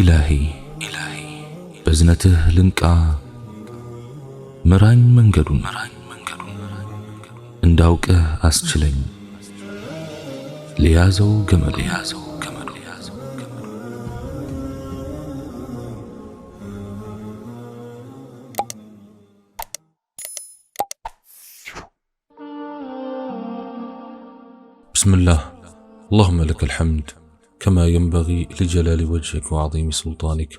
إلهي إلهي بزنته لنكا مران منجدو مران منجدو اندوك أسجلين ليازو جمل ليازو جمل ليازو جمل بسم الله اللهم لك الحمد كما ينبغي لجلال وجهك وعظيم سلطانك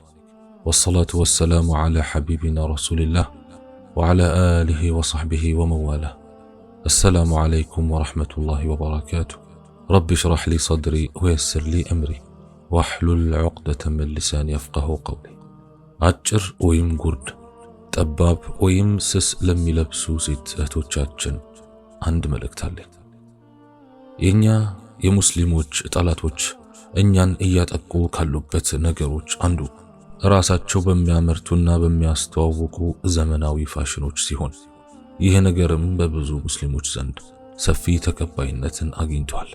والصلاة والسلام على حبيبنا رسول الله وعلى آله وصحبه ومواله السلام عليكم ورحمة الله وبركاته رب اشرح لي صدري ويسر لي أمري واحلل عقدة من لساني يفقه قولي قرد تباب ويم سس لم يلبسو سيت ሴት እህቶቻችን አንድ መልእክት አለኝ። የእኛ የሙስሊሞች ጠላቶች እኛን እያጠቁ ካሉበት ነገሮች አንዱ ራሳቸው በሚያመርቱና በሚያስተዋውቁ ዘመናዊ ፋሽኖች ሲሆን ይህ ነገርም በብዙ ሙስሊሞች ዘንድ ሰፊ ተቀባይነትን አግኝቷል።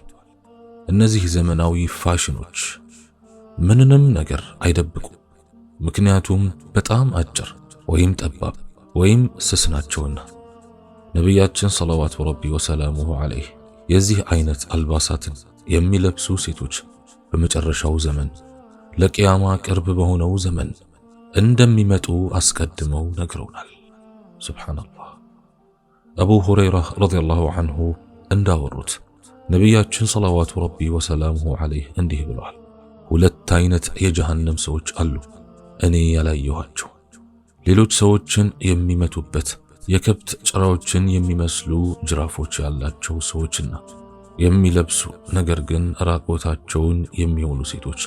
እነዚህ ዘመናዊ ፋሽኖች ምንንም ነገር አይደብቁም፣ ምክንያቱም በጣም አጭር ወይም ጠባብ ወይም ስስ ናቸውና። ነቢያችን ሰለዋቱ ረቢ ወሰላሙሁ ዐለይህ የዚህ አይነት አልባሳትን የሚለብሱ ሴቶች በመጨረሻው ዘመን ለቅያማ ቅርብ በሆነው ዘመን እንደሚመጡ አስቀድመው ነግረውናል። ሱብሓነላህ። አቡ ሁረይራ ረዲየላሁ አንሁ እንዳወሩት ነቢያችን ሰላዋቱ ረቢ ወሰላሙሁ ዓለይህ እንዲህ ብለዋል። ሁለት አይነት የጀሃነም ሰዎች አሉ፣ እኔ ያላየኋቸው ሌሎች ሰዎችን የሚመቱበት የከብት ጭራዎችን የሚመስሉ ጅራፎች ያላቸው ሰዎችና የሚለብሱ ነገር ግን ራቆታቸውን የሚሆኑ ሴቶች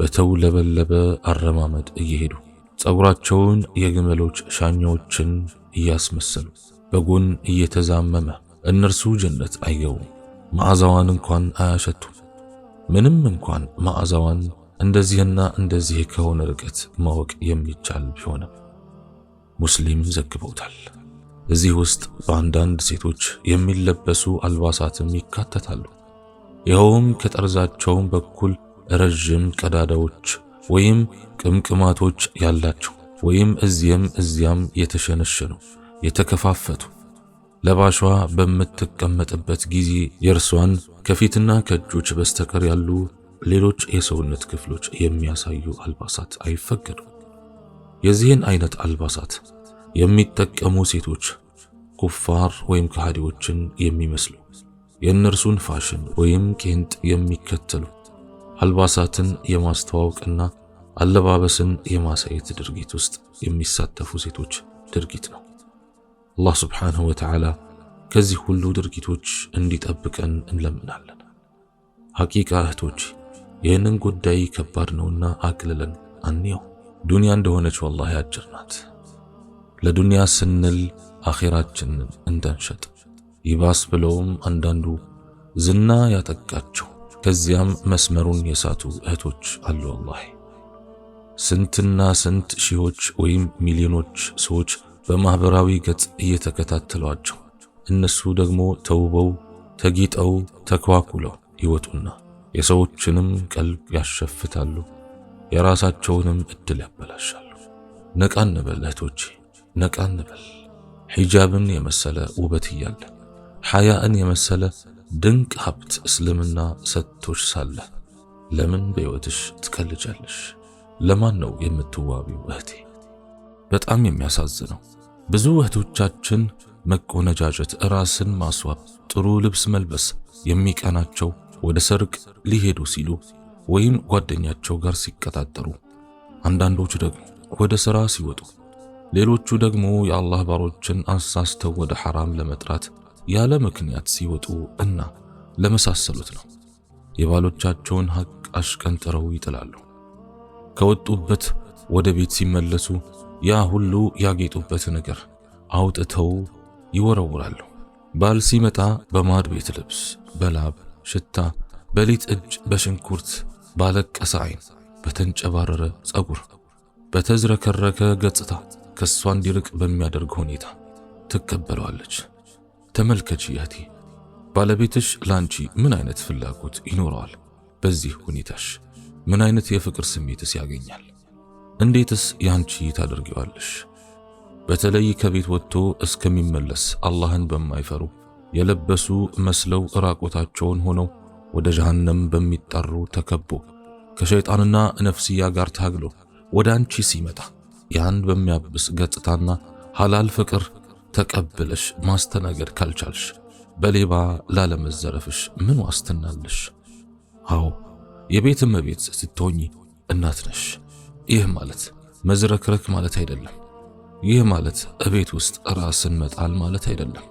በተውለበለበ አረማመድ እየሄዱ ጸጉራቸውን የግመሎች ሻኛዎችን እያስመሰሉ በጎን እየተዛመመ እነርሱ ጀነት አይገቡም፣ መዓዛዋን እንኳን አያሸቱም። ምንም እንኳን መዓዛዋን እንደዚህና እንደዚህ ከሆነ ርቀት ማወቅ የሚቻል ቢሆንም ሙስሊም ዘግበውታል። እዚህ ውስጥ በአንዳንድ ሴቶች የሚለበሱ አልባሳትም ይካተታሉ። ይኸውም ከጠርዛቸውም በኩል ረዥም ቀዳዳዎች ወይም ቅምቅማቶች ያላቸው ወይም እዚያም እዚያም የተሸነሸኑ የተከፋፈቱ ለባሿ በምትቀመጥበት ጊዜ የእርሷን ከፊትና ከእጆች በስተቀር ያሉ ሌሎች የሰውነት ክፍሎች የሚያሳዩ አልባሳት አይፈቀዱም። የዚህን አይነት አልባሳት የሚጠቀሙ ሴቶች ኩፋር ወይም ከሃዲዎችን የሚመስሉ የእነርሱን ፋሽን ወይም ቄንጥ የሚከተሉ አልባሳትን የማስተዋወቅና አለባበስን የማሳየት ድርጊት ውስጥ የሚሳተፉ ሴቶች ድርጊት ነው። አላህ ስብሓንሁ ወተዓላ ከዚህ ሁሉ ድርጊቶች እንዲጠብቀን እንለምናለን። ሐቂቃ እህቶች ይህንን ጉዳይ ከባድ ነውና አቅልለን አንየው። ዱንያ እንደሆነች ወላሂ አጭር ናት። ለዱንያ ስንል አኼራችንን እንዳንሸጥ። ይባስ ብለውም አንዳንዱ ዝና ያጠቃቸው ከዚያም መስመሩን የሳቱ እህቶች አሉ። አላህ ስንትና ስንት ሺዎች ወይም ሚሊዮኖች ሰዎች በማኅበራዊ ገጽ እየተከታተሏቸው እነሱ ደግሞ ተውበው ተጌጠው ተኳኩለው ይወጡና የሰዎችንም ቀልብ ያሸፍታሉ፣ የራሳቸውንም እድል ያበላሻሉ። ነቃን እንበል እህቶቼ። ነቃ እንበል። ሒጃብን የመሰለ ውበት እያለ ሐያእን የመሰለ ድንቅ ሀብት እስልምና ሰጥቶሽ ሳለ ለምን በሕይወትሽ ትከልጃለሽ? ለማን ነው የምትዋቢው እህቴ? በጣም የሚያሳዝነው ብዙ እህቶቻችን መቆነጃጀት፣ ራስን ማስዋብ፣ ጥሩ ልብስ መልበስ የሚቀናቸው ወደ ሰርግ ሊሄዱ ሲሉ ወይም ጓደኛቸው ጋር ሲቀጣጠሩ፣ አንዳንዶቹ ደግሞ ወደ ሥራ ሲወጡ ሌሎቹ ደግሞ የአላህ ባሮችን አሳስተው ወደ ሐራም ለመጥራት ያለ ምክንያት ሲወጡ እና ለመሳሰሉት ነው። የባሎቻቸውን ሐቅ አሽቀንጥረው ይጥላሉ። ከወጡበት ወደ ቤት ሲመለሱ ያ ሁሉ ያጌጡበት ነገር አውጥተው ይወረውራሉ። ባል ሲመጣ በማድ ቤት ልብስ፣ በላብ ሽታ፣ በሊጥ እጅ፣ በሽንኩርት ባለቀሰ ዓይን፣ በተንጨባረረ ፀጉር፣ በተዝረከረከ ገጽታ ከእሷ እንዲርቅ በሚያደርግ ሁኔታ ትቀበለዋለች። ተመልከች ያቴ፣ ባለቤትሽ ላንቺ ምን አይነት ፍላጎት ይኖረዋል? በዚህ ሁኔታሽ ምን አይነት የፍቅር ስሜትስ ያገኛል? እንዴትስ ያንቺ ታደርጊዋለሽ? በተለይ ከቤት ወጥቶ እስከሚመለስ አላህን በማይፈሩ የለበሱ መስለው ራቆታቸውን ሆነው ወደ ጀሃነም በሚጣሩ ተከቦ ከሸይጣንና ነፍስያ ጋር ታግሎ ወደ አንቺ ሲመጣ ያን በሚያብስ ገጽታና ሐላል ፍቅር ተቀብለሽ ማስተናገድ ካልቻልሽ በሌባ ላለመዘረፍሽ ምን ዋስትናለሽ አዎ የቤት እመቤት ስትሆኚ እናት ነሽ። ይህ ማለት መዝረክረክ ማለት አይደለም። ይህ ማለት እቤት ውስጥ ራስን መጣል ማለት አይደለም።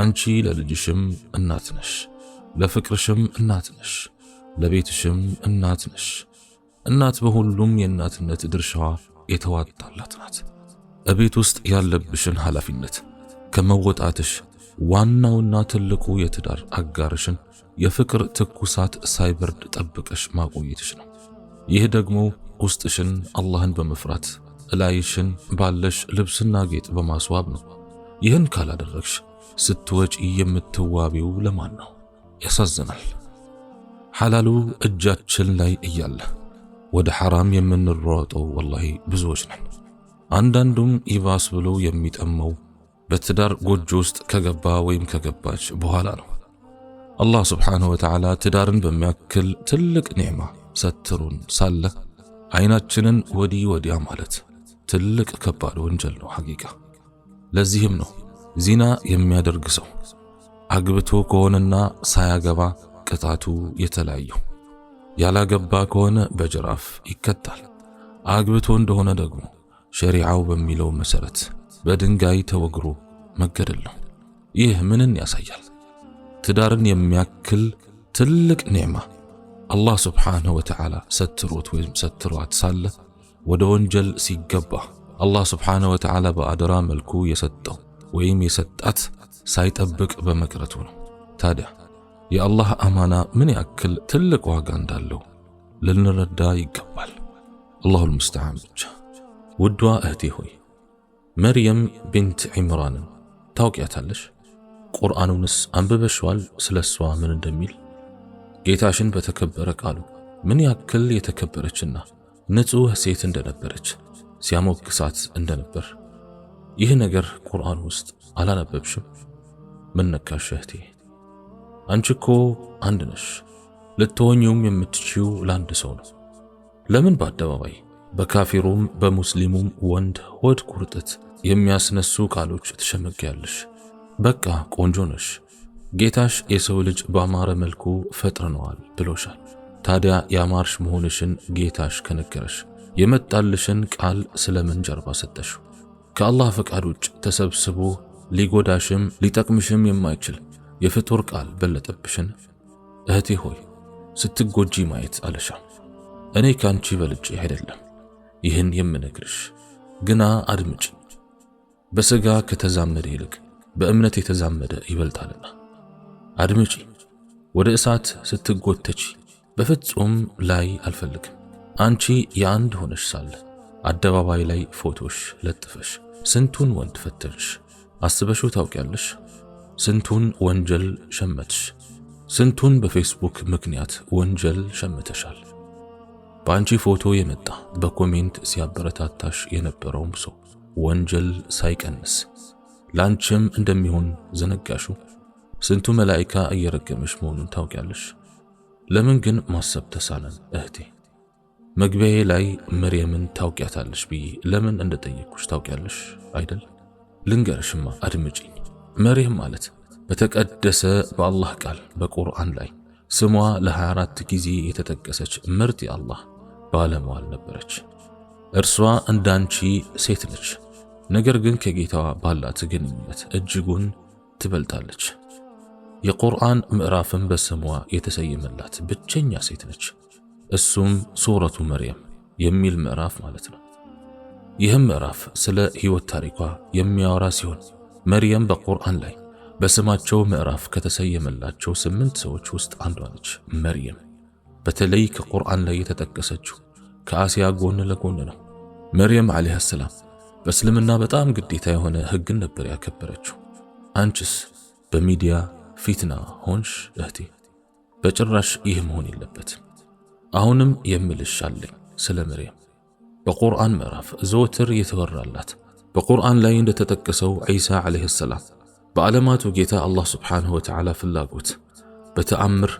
አንቺ ለልጅሽም እናት ነሽ፣ ለፍቅርሽም እናት ነሽ፣ ለቤትሽም እናት ነሽ። እናት በሁሉም የእናትነት ድርሻዋ የተዋጣላት ናት። እቤት ውስጥ ያለብሽን ኃላፊነት ከመወጣትሽ ዋናውና ትልቁ የትዳር አጋርሽን የፍቅር ትኩሳት ሳይበርድ ጠብቀሽ ማቆየትሽ ነው። ይህ ደግሞ ውስጥሽን አላህን በመፍራት እላይሽን ባለሽ ልብስና ጌጥ በማስዋብ ነው። ይህን ካላደረግሽ ስትወጪ የምትዋቢው ለማን ነው? ያሳዝናል። ሐላሉ እጃችን ላይ እያለ ወደ ሐራም የምንሯጠው ወላሂ ብዙዎች ነን። አንዳንዱም ይባስ ብሎ የሚጠመው በትዳር ጎጆ ውስጥ ከገባ ወይም ከገባች በኋላ ነው። አላህ ስብሓንሁ ወተዓላ ትዳርን በሚያክል ትልቅ ኒዕማ ሰትሩን ሳለ አይናችንን ወዲህ ወዲያ ማለት ትልቅ ከባድ ወንጀል ነው ሐቂቃ። ለዚህም ነው ዚና የሚያደርግ ሰው አግብቶ ከሆነና ሳያገባ ቅጣቱ የተለያየው። ያላገባ ከሆነ በጅራፍ ይከታል። አግብቶ እንደሆነ ደግሞ ሸሪዓው በሚለው መሰረት በድንጋይ ተወግሮ መገደል ነው። ይህ ምንን ያሳያል? ትዳርን የሚያክል ትልቅ ኒዕማ አላህ ስብሓንሁ ወተዓላ ሰትሮት ወይም ሰትሯት ሳለ ወደ ወንጀል ሲገባ አላህ ስብሓንሁ ወተዓላ በአደራ መልኩ የሰጠው ወይም የሰጣት ሳይጠብቅ በመቅረቱ ነው። ታዲያ የአላህ አማና ምን ያክል ትልቅ ዋጋ እንዳለው ልንረዳ ይገባል። አላሁል ሙስተዓን ብቻ። ውዷ እህቴ ሆይ መርየም ቢንት ዒምራንን ታውቂያታለሽ? ቁርአኑንስ አንብበሽዋል? ስለ እሷ ምን እንደሚል ጌታሽን በተከበረ ቃሉ ምን ያክል የተከበረችና ንጹሕ ሴት እንደነበረች ሲያሞግሳት እንደነበር ይህ ነገር ቁርአን ውስጥ አላነበብሽም? ምን ነካሽ እህቴ? አንቺ እኮ አንድ ነሽ። ልትሆኚውም የምትችው ለአንድ ሰው ነው። ለምን በአደባባይ በካፊሩም በሙስሊሙም ወንድ ሆድ ቁርጠት የሚያስነሱ ቃሎች ትሸመግያለሽ? በቃ ቆንጆ ነሽ፣ ጌታሽ የሰው ልጅ ባማረ መልኩ ፈጥረነዋል ብሎሻል። ታዲያ ያማርሽ መሆንሽን ጌታሽ ከነገረሽ የመጣልሽን ቃል ስለምን ጀርባ ሰጠሽው? ከአላህ ፈቃድ ውጭ ተሰብስቦ ሊጎዳሽም ሊጠቅምሽም የማይችል የፍጡር ቃል በለጠብሽን። እህቴ ሆይ ስትጎጂ ማየት አለሻ። እኔ ከአንቺ በልጭ አይደለም ይህን የምነግርሽ፣ ግና አድምጭ በሥጋ ከተዛመደ ይልቅ በእምነት የተዛመደ ይበልጣልና አድምጪ። ወደ እሳት ስትጎተች በፍጹም ላይ አልፈልግም። አንቺ የአንድ ሆነሽ ሳለ አደባባይ ላይ ፎቶሽ ለጥፈሽ ስንቱን ወንድ ፈተንሽ አስበሽው ታውቂያለሽ? ስንቱን ወንጀል ሸመትሽ? ስንቱን በፌስቡክ ምክንያት ወንጀል ሸምተሻል? በአንቺ ፎቶ የመጣ በኮሜንት ሲያበረታታሽ የነበረውም ሰው ወንጀል ሳይቀንስ ላንቺም እንደሚሆን ዘነጋሹ? ስንቱ መላይካ እየረገመሽ መሆኑን ታውቂያለሽ። ለምን ግን ማሰብ ተሳነን እህቴ? መግቢያዬ ላይ መርየምን ታውቂያታለሽ ብዬ ለምን እንደጠየቅኩሽ ታውቂያለሽ አይደል? ልንገርሽማ፣ አድምጪኝ መርየም ማለት በተቀደሰ በአላህ ቃል በቁርአን ላይ ስሟ ለ24 ጊዜ የተጠቀሰች ምርጥ የአላህ ባለመዋል ነበረች። እርሷ እንዳንቺ ሴት ነች፣ ነገር ግን ከጌታዋ ባላት ግንኙነት እጅጉን ትበልጣለች። የቁርአን ምዕራፍም በስሟ የተሰየመላት ብቸኛ ሴት ነች። እሱም ሱረቱ መርየም የሚል ምዕራፍ ማለት ነው። ይህም ምዕራፍ ስለ ሕይወት ታሪኳ የሚያወራ ሲሆን መርየም በቁርአን ላይ በስማቸው ምዕራፍ ከተሰየመላቸው ስምንት ሰዎች ውስጥ አንዷ ነች። መርየም በተለይ ከቁርአን ላይ የተጠቀሰችው ከአሲያ ጎን ለጎን ነው። መርየም ዓለይሃ ሰላም በእስልምና በጣም ግዴታ የሆነ ሕግን ነበር ያከበረችው። አንቺስ በሚዲያ ፊትና ሆንሽ እህቴ፣ በጭራሽ ይህ መሆን የለበትም። አሁንም የምልሽ አለኝ ስለ መርየም በቁርአን ምዕራፍ ዘወትር የተወራላት በቁርአን ላይ እንደተጠቀሰው ዒሳ ዓለይሂ ሰላም በዓለማቱ ጌታ አላህ ሱብሓነሁ ወተዓላ ፍላጎት በተአምር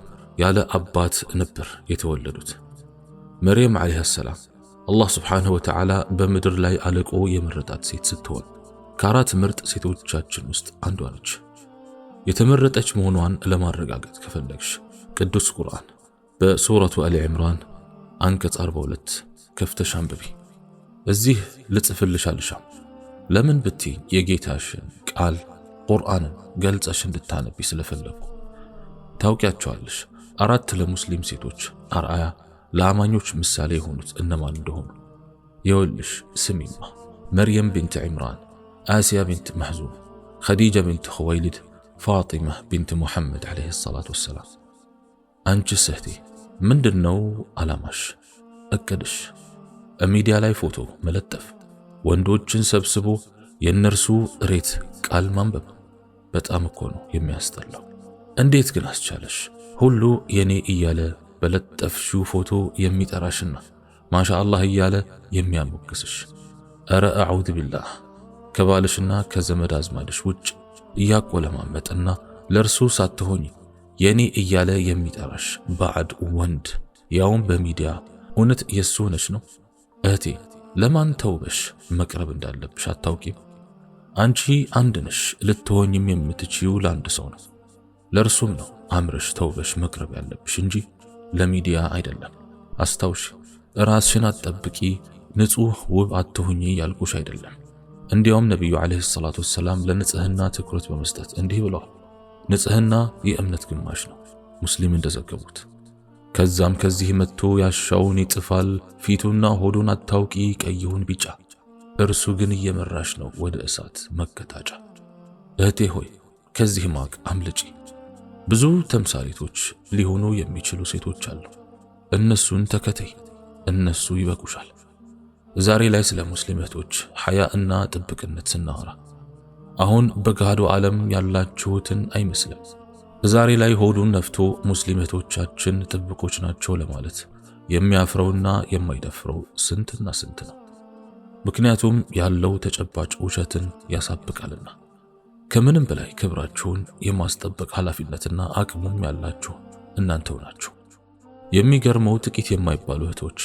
ያለ አባት ነበር የተወለዱት። መርየም ዓለይሂ ሰላም አላህ ሱብሓነሁ ወተዓላ በምድር ላይ አለቆ የመረጣት ሴት ስትሆን ከአራት ምርጥ ሴቶቻችን ውስጥ አንዷ ነች። የተመረጠች መሆኗን ለማረጋገጥ ከፈለግሽ ቅዱስ ቁርአን በሱረቱ አሊ ዕምራን አንቀጽ 42 ከፍተሽ አንብቢ። እዚህ ልጽፍልሽ አልሻም። ለምን ብትይ የጌታሽን ቃል ቁርአንን ገልጸሽ እንድታነቢ ስለፈለግኩ። ታውቂያቸዋለሽ አራት ለሙስሊም ሴቶች አርአያ ለአማኞች ምሳሌ የሆኑት እነማን እንደሆኑ። የወልሽ ስሚማ መርየም ቢንት ዒምራን፣ አስያ ቢንት መሕዙም፣ ኸዲጃ ቢንት ኹወይሊድ፣ ፋጢማ ቢንት ሙሐመድ ዓለይሂ ሰላቱ ወሰላም። አንቺ ስህቴ ምንድን ነው ዓላማሽ፣ እቅድሽ? ሚዲያ ላይ ፎቶ መለጠፍ ወንዶችን ሰብስቦ የእነርሱ ሬት ቃል ማንበብ በጣም እኮ ነው የሚያስጠላው። እንዴት ግን አስቻለሽ? ሁሉ የኔ እያለ በለጠፍሽው ፎቶ የሚጠራሽና ማሻአላህ እያለ የሚያሞግስሽ። እረ አዑዝ ቢላህ ከባልሽና ከዘመድ አዝማድሽ ውጭ እያቆለማመጠና ለእርሱ ሳትሆኝ የኔ እያለ የሚጠራሽ ባዕድ ወንድ ያውም በሚዲያ እውነት የሱ ነች ነው እህቴ ለማን ተውበሽ መቅረብ እንዳለብሽ አታውቂም። አንቺ አንድ ነሽ። ልትሆኝም የምትችይው ለአንድ ሰው ነው። ለእርሱም ነው አምረሽ ተውበሽ መቅረብ ያለብሽ እንጂ ለሚዲያ አይደለም። አስታውሽ፣ ራስሽን አትጠብቂ፣ ንጹሕ ውብ አትሁኚ ያልኩሽ አይደለም። እንዲያውም ነቢዩ ዓለይሂ ሰላቱ ወሰላም ለንጽህና ትኩረት በመስጠት እንዲህ ብለዋል፣ ንጽህና የእምነት ግማሽ ነው። ሙስሊም እንደዘገቡት ከዛም ከዚህ መጥቶ ያሻውን ይጽፋል። ፊቱና ሆዱን አታውቂ ቀይሁን ቢጫ፣ እርሱ ግን እየመራሽ ነው ወደ እሳት መቀጣጫ። እህቴ ሆይ ከዚህ ማቅ አምልጪ። ብዙ ተምሳሌቶች ሊሆኑ የሚችሉ ሴቶች አሉ። እነሱን ተከተይ፣ እነሱ ይበቁሻል። ዛሬ ላይ ስለ ሙስሊም እህቶች ሐያ እና ጥብቅነት ስናወራ አሁን በጋዶ ዓለም ያላችሁትን አይመስልም። ዛሬ ላይ ሆዱን ነፍቶ ሙስሊም እህቶቻችን ጥብቆች ናቸው ለማለት የሚያፍረውና የማይደፍረው ስንትና ስንት ነው። ምክንያቱም ያለው ተጨባጭ ውሸትን ያሳብቃልና። ከምንም በላይ ክብራችሁን የማስጠበቅ ኃላፊነትና አቅሙም ያላችሁ እናንተው ናችሁ። የሚገርመው ጥቂት የማይባሉ እህቶች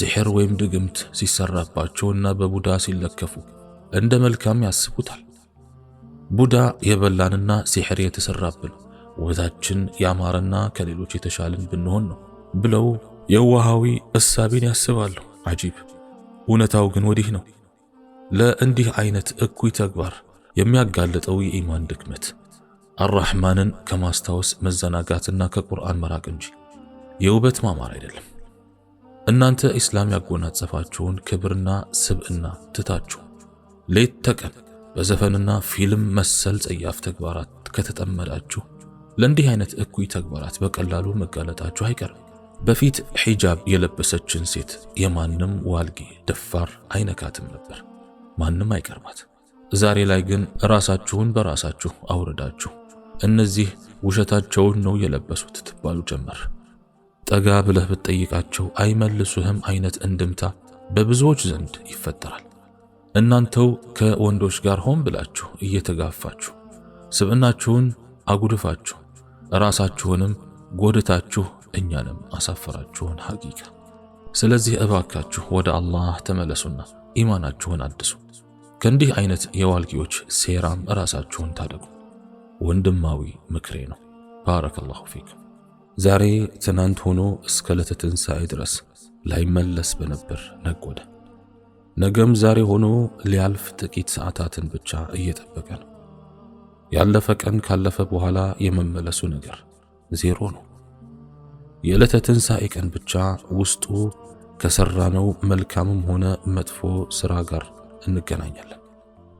ሲሕር ወይም ድግምት ሲሰራባቸውና በቡዳ ሲለከፉ እንደ መልካም ያስቡታል። ቡዳ የበላንና ሲሕር የተሰራብን ውበታችን ያማረና ከሌሎች የተሻልን ብንሆን ነው ብለው የዋሃዊ እሳቤን ያስባሉ። አጂብ! እውነታው ግን ወዲህ ነው። ለእንዲህ አይነት እኩይ ተግባር የሚያጋልጠው የኢማን ድክመት አራሕማንን ከማስታወስ መዘናጋትና ከቁርአን መራቅ እንጂ የውበት ማማር አይደለም። እናንተ ኢስላም ያጎናጸፋችሁን ክብርና ስብዕና ትታችሁ ሌት ተቀን በዘፈንና ፊልም መሰል ጸያፍ ተግባራት ከተጠመዳችሁ ለእንዲህ አይነት እኩይ ተግባራት በቀላሉ መጋለጣችሁ አይቀርም። በፊት ሒጃብ የለበሰችን ሴት የማንም ዋልጌ ደፋር አይነካትም ነበር፣ ማንም አይቀርባት። ዛሬ ላይ ግን ራሳችሁን በራሳችሁ አውርዳችሁ እነዚህ ውሸታቸውን ነው የለበሱት ትባሉ ጀመር። ጠጋ ብለህ ብትጠይቃቸው አይመልሱህም አይነት እንድምታ በብዙዎች ዘንድ ይፈጠራል። እናንተው ከወንዶች ጋር ሆን ብላችሁ እየተጋፋችሁ ስብዕናችሁን አጉድፋችሁ ራሳችሁንም ጎድታችሁ እኛንም አሳፈራችሁን። ሐቂቃ ስለዚህ እባካችሁ ወደ አላህ ተመለሱና ኢማናችሁን አድሱ። ከእንዲህ አይነት የዋልጌዎች ሴራም ራሳችሁን ታደጉ። ወንድማዊ ምክሬ ነው። ባረከላሁ ፊኩም። ዛሬ ትናንት ሆኖ እስከ ለተ ትንሣኤ ድረስ ላይመለስ በነበር ነጎደ። ነገም ዛሬ ሆኖ ሊያልፍ ጥቂት ሰዓታትን ብቻ እየጠበቀ ነው። ያለፈ ቀን ካለፈ በኋላ የመመለሱ ነገር ዜሮ ነው። የዕለተ ትንሣኤ ቀን ብቻ ውስጡ ከሠራነው መልካምም ሆነ መጥፎ ሥራ ጋር እንገናኛለን።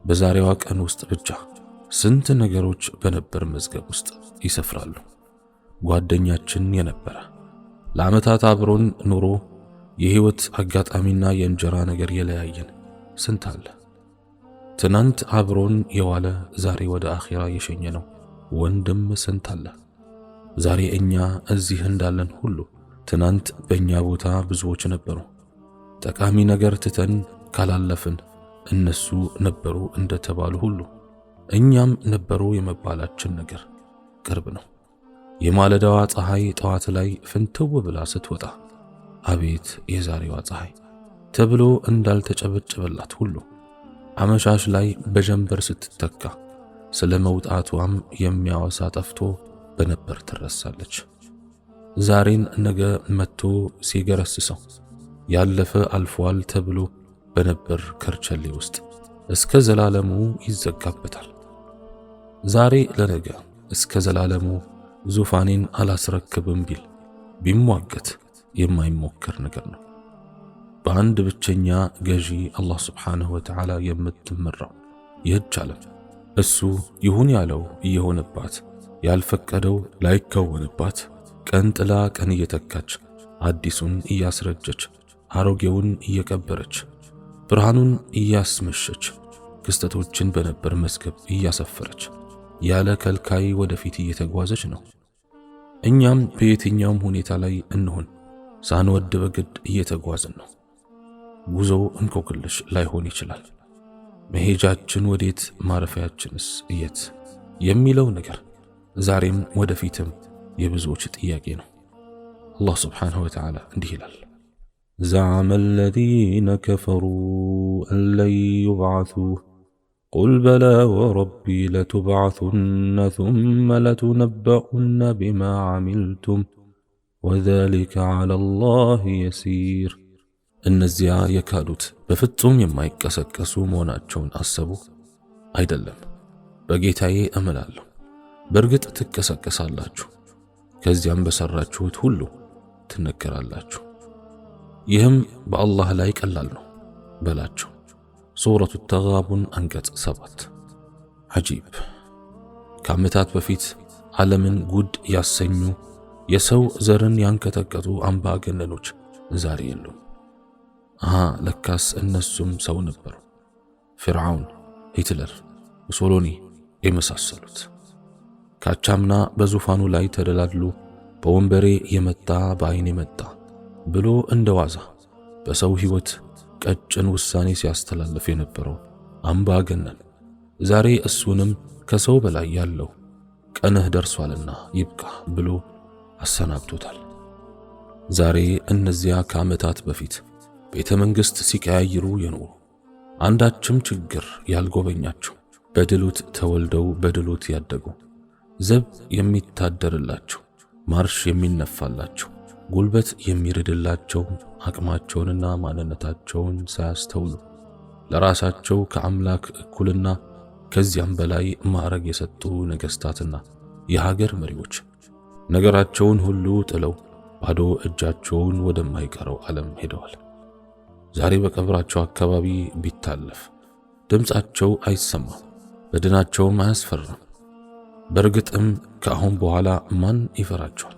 በዛሬዋ ቀን ውስጥ ብቻ ስንት ነገሮች በነበር መዝገብ ውስጥ ይሰፍራሉ። ጓደኛችን የነበረ ለዓመታት አብሮን ኑሮ የሕይወት አጋጣሚና የእንጀራ ነገር የለያየን ስንት አለ። ትናንት አብሮን የዋለ ዛሬ ወደ አኼራ የሸኘ ነው ወንድም ስንት አለ? ዛሬ እኛ እዚህ እንዳለን ሁሉ ትናንት በእኛ ቦታ ብዙዎች ነበሩ። ጠቃሚ ነገር ትተን ካላለፍን እነሱ ነበሩ እንደተባሉ ሁሉ እኛም ነበሩ የመባላችን ነገር ቅርብ ነው። የማለዳዋ ፀሐይ ጠዋት ላይ ፍንትው ብላ ስትወጣ አቤት የዛሬዋ ፀሐይ ተብሎ እንዳልተጨበጨበላት ሁሉ አመሻሽ ላይ በጀንበር ስትተካ ስለ መውጣቷም የሚያወሳ ጠፍቶ በነበር ትረሳለች። ዛሬን ነገ መጥቶ ሲገረስሰው ያለፈ አልፏል ተብሎ በነበር ከርቸሌ ውስጥ እስከ ዘላለሙ ይዘጋበታል። ዛሬ ለነገ እስከ ዘላለሙ ዙፋኔን አላስረክብም ቢል ቢሟገት የማይሞከር ነገር ነው። በአንድ ብቸኛ ገዢ አላህ ስብሓንሁ ወተዓላ የምትመራው ይህች ዓለም እሱ ይሁን ያለው እየሆነባት ያልፈቀደው ላይከወንባት ቀን ጥላ ቀን እየተካች አዲሱን እያስረጀች አሮጌውን እየቀበረች ብርሃኑን እያስመሸች ክስተቶችን በነበር መዝገብ እያሰፈረች ያለ ከልካይ ወደፊት እየተጓዘች ነው። እኛም በየትኛውም ሁኔታ ላይ እንሆን ሳንወድ በግድ እየተጓዝን ነው። ጉዞው እንቆቅልሽ ላይሆን ይችላል። መሄጃችን ወዴት፣ ማረፊያችንስ የት የሚለው ነገር ዛሬም ወደፊትም የብዙዎች ጥያቄ ነው። አላህ ስብሓንሁ ወተዓላ እንዲህ ይላል፣ زعم الذين كفروا أن لن يبعثوا قل بلى وربي لتبعثن ثم لتنبؤن بما عملتم وذلك على الله يسير እነዚያ የካዱት በፍጹም የማይቀሰቀሱ መሆናቸውን አሰቡ? አይደለም፣ በጌታዬ እምላለሁ በእርግጥ ትቀሰቀሳላችሁ፣ ከዚያም በሰራችሁት ሁሉ ትነገራላችሁ። ይህም በአላህ ላይ ቀላል ነው በላቸው። ሱረቱ ተጋቡን አንቀጽ ሰባት አጂብ ከዓመታት በፊት ዓለምን ጉድ ያሰኙ የሰው ዘርን ያንቀጠቀጡ አምባገነኖች ዛሬ የሉም። አሃ ለካስ እነሱም ሰው ነበሩ። ፊርዓውን፣ ሂትለር፣ ሙሶሎኒ የመሳሰሉት ካቻምና በዙፋኑ ላይ ተደላድሎ በወንበሬ የመጣ በአይን የመጣ ብሎ እንደ ዋዛ በሰው ሕይወት ቀጭን ውሳኔ ሲያስተላልፍ የነበረው አምባ ገነን ዛሬ እሱንም ከሰው በላይ ያለው ቀንህ ደርሷልና ይብቃ ብሎ አሰናብቶታል። ዛሬ እነዚያ ከዓመታት በፊት ቤተ መንግሥት ሲቀያይሩ የኖሩ አንዳችም ችግር ያልጎበኛቸው በድሎት ተወልደው በድሎት ያደጉ ዘብ የሚታደርላቸው ማርሽ የሚነፋላቸው ጉልበት የሚርድላቸው አቅማቸውንና ማንነታቸውን ሳያስተውሉ ለራሳቸው ከአምላክ እኩልና ከዚያም በላይ ማዕረግ የሰጡ ነገሥታትና የሀገር መሪዎች ነገራቸውን ሁሉ ጥለው ባዶ እጃቸውን ወደማይቀረው ዓለም ሄደዋል። ዛሬ በቀብራቸው አካባቢ ቢታለፍ ድምፃቸው አይሰማም፣ በድናቸውም አያስፈራም። በእርግጥም ከአሁን በኋላ ማን ይፈራቸዋል?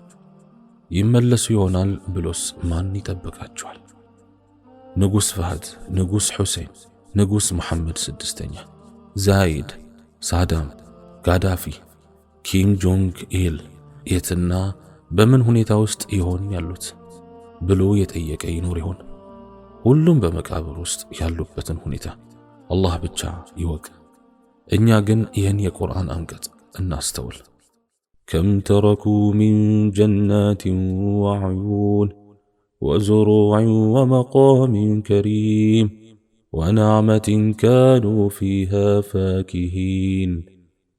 ይመለሱ ይሆናል ብሎስ ማን ይጠብቃቸዋል? ንጉሥ ፍሃድ፣ ንጉሥ ሑሴን፣ ንጉሥ መሐመድ ስድስተኛ፣ ዛይድ፣ ሳዳም፣ ጋዳፊ፣ ኪም ጆንግ ኢል የትና በምን ሁኔታ ውስጥ ይሆን ያሉት ብሎ የጠየቀ ይኖር ይሆን? ሁሉም በመቃብር ውስጥ ያሉበትን ሁኔታ አላህ ብቻ ይወቅ። እኛ ግን ይህን የቁርአን አንቀጽ እናስተውል። ከም ተረኩ ሚን ጀናትን ወዕዩን ወዝሩዕን ወመቃምን ከሪም ወነዕመትን ካኑ ፊሃ ፋኪሂን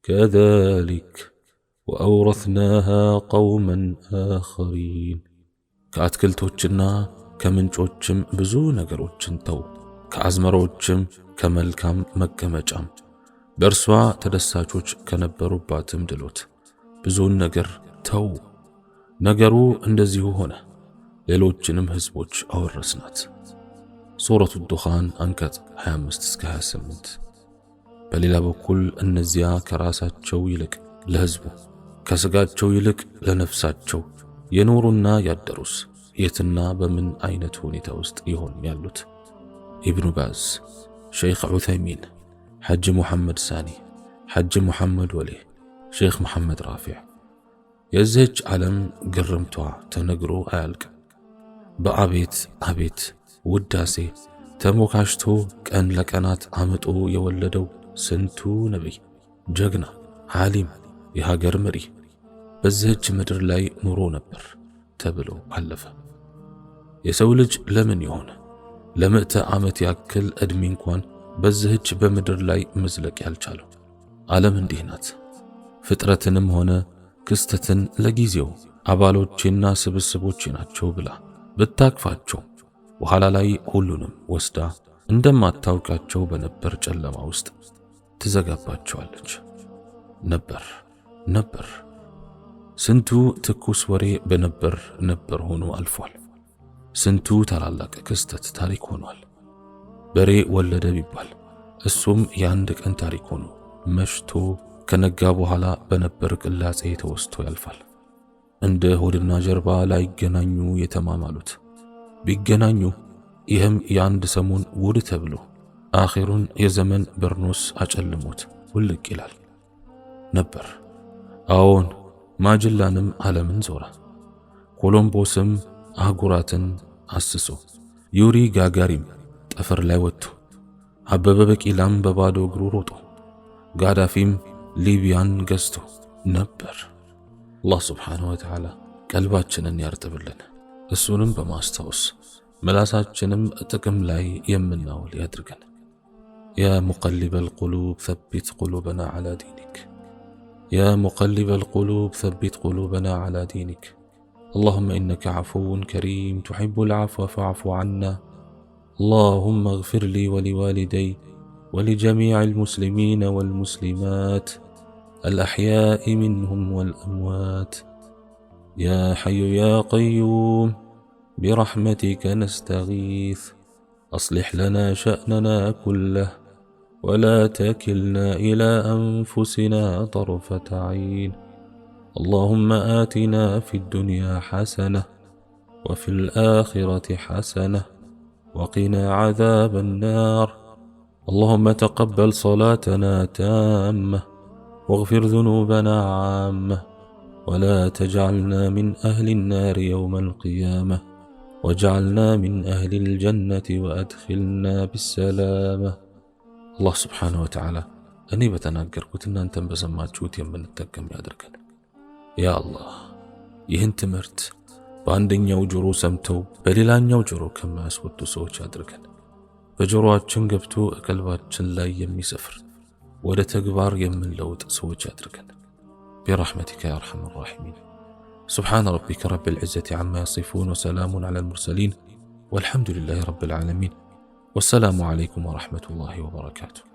ከዛሊክ ወአውረስናሃ ቀውመን አኸሪን ከአትክልቶችና ከምንጮችም ብዙ ነገሮችን ተው፣ ከአዝመራዎችም ከመልካም መቀመጫም በእርሷ ተደሳቾች ከነበሩባትም ድሎት ብዙውን ነገር ተው። ነገሩ እንደዚሁ ሆነ። ሌሎችንም ህዝቦች አወረስናት። ሱረቱ ዱኻን አንቀጽ 25 እስከ 28። በሌላ በኩል እነዚያ ከራሳቸው ይልቅ ለህዝቡ ከስጋቸው ይልቅ ለነፍሳቸው የኖሩና ያደሩስ የትና በምን አይነት ሁኔታ ውስጥ ይሆን ያሉት? ኢብኑ ባዝ፣ ሸይኽ ዑተይሚን፣ ሐጅ ሙሐመድ ሳኒ፣ ሐጅ ሙሐመድ ወሌ፣ ሼኽ መሐመድ ራፊዕ። የዚህች ዓለም ግርምቷ ተነግሮ አያልቅ። በአቤት አቤት ውዳሴ ተሞካሽቶ ቀን ለቀናት አምጦ የወለደው ስንቱ ነቢይ፣ ጀግና፣ ዓሊም፣ የሀገር መሪ በዚህች ምድር ላይ ኑሮ ነበር ተብሎ አለፈ። የሰው ልጅ ለምን ይሆን ለምዕተ ዓመት ያክል ዕድሜ እንኳን በዚህች በምድር ላይ መዝለቅ ያልቻለው? ዓለም እንዲህ ናት። ፍጥረትንም ሆነ ክስተትን ለጊዜው አባሎቼና ስብስቦቼ ናቸው ብላ ብታቅፋቸው በኋላ ላይ ሁሉንም ወስዳ እንደማታውቃቸው በነበር ጨለማ ውስጥ ትዘጋባቸዋለች። ነበር ነበር ስንቱ ትኩስ ወሬ በነበር ነበር ሆኖ አልፏል። ስንቱ ታላላቅ ክስተት ታሪክ ሆኗል። በሬ ወለደ ቢባል እሱም የአንድ ቀን ታሪክ ሆኖ መሽቶ ከነጋ በኋላ በነበር ቅላጼ ተወስቶ ያልፋል። እንደ ሆድና ጀርባ ላይገናኙ የተማማሉት ቢገናኙ ይህም የአንድ ሰሞን ውድ ተብሎ አኼሩን የዘመን በርኖስ አጨልሞት ውልቅ ይላል ነበር። አዎን ማጅላንም ዓለምን ዞረ። ኮሎምቦስም አህጉራትን አስሶ ዩሪ ጋጋሪም ጠፈር ላይ ወጥቶ አበበ ቢቂላም በባዶ እግሩ ሮጦ ጋዳፊም ሊቢያን ገዝቶ ነበር። አላህ ስብሓነሁ ወተዓላ ቀልባችንን ያርጥብልን፣ እሱንም በማስታወስ ምላሳችንም ጥቅም ላይ የምናውል ያድርገን። ያ ሙቀሊበል ቁሉብ ሰቢት ቁሉበና ዓላ ዲኒክ ያ ሙቀሊበል ቁሉብ ሰቢት ቁሉበና ዓላ ዲኒክ اللهم إنك عفو كريم تحب العفو فاعف عنا اللهم اغفر لي ولوالدي ولجميع المسلمين والمسلمات الأحياء منهم والأموات يا حي يا قيوم برحمتك نستغيث أصلح لنا شأننا كله ولا تكلنا إلى أنفسنا طرفة عين اللهم آتنا في الدنيا حسنة وفي الآخرة حسنة وقنا عذاب النار اللهم تقبل صلاتنا تامة واغفر ذنوبنا عامة ولا تجعلنا من أهل النار يوم القيامة واجعلنا من أهل الجنة وأدخلنا بالسلامة الله سبحانه وتعالى أني بتناقر قلت أن أنت بسمات شوت يمن التكم يا دركن ያ አላህ ይህን ትምህርት በአንደኛው ጆሮ ሰምተው በሌላኛው ጆሮ ከማያስወጡ ሰዎች አድርገን በጆሮአችን ገብቶ ቀልባችን ላይ የሚሰፍር ወደ ተግባር የምንለውጥ ሰዎች አድርገን برحمتك يا أرحم الراحمين سبحان ربك رب العزة عما يصفون وسلام على المرسلين والحمد لله رب العالمين والسلام عليكم ورحمة الله وبركاته